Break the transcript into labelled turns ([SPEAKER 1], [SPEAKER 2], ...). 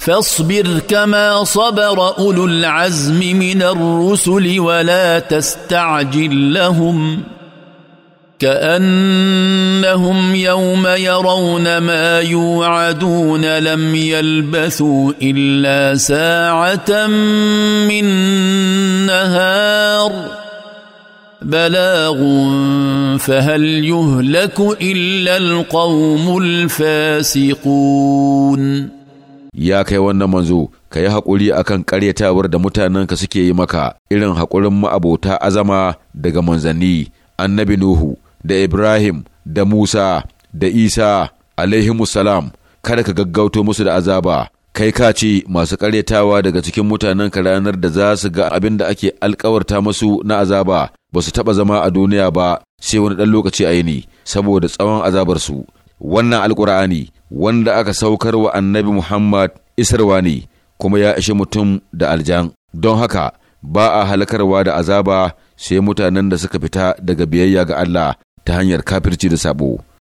[SPEAKER 1] فاصبر كما صبر اولو العزم من الرسل ولا تستعجل لهم كانهم يوم يرون ما يوعدون لم يلبثوا الا ساعه من نهار بلاغ فهل يهلك الا القوم الفاسقون
[SPEAKER 2] ya kai wannan manzo ka yi haƙuri kan ƙaryatawar da mutanen ka suke yi maka irin haƙurin ma'abota azama daga manzanni annabi nuhu da ibrahim da musa da isa alaihimussalam kada ka gaggauto musu da azaba kai ka ce masu ƙaryatawa daga cikin mutanen ka ranar da za su ga abin da ake alkawarta masu na azaba ba su taɓa zama a duniya ba sai wani ɗan lokaci a ne saboda tsawon azabarsu wannan alƙur'ani. wanda aka saukar wa annabi Muhammad isarwa ne kuma ya ishe mutum da aljan don haka ba a halakarwa da azaba sai mutanen da suka fita daga biyayya ga Allah ta hanyar kafirci da sabo.